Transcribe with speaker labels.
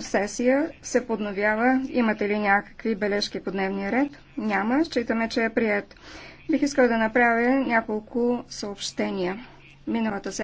Speaker 1: сесия се подновява. Имате ли някакви бележки по дневния ред? Няма. Считаме, че е прият. Бих искал да направя няколко съобщения. Миналата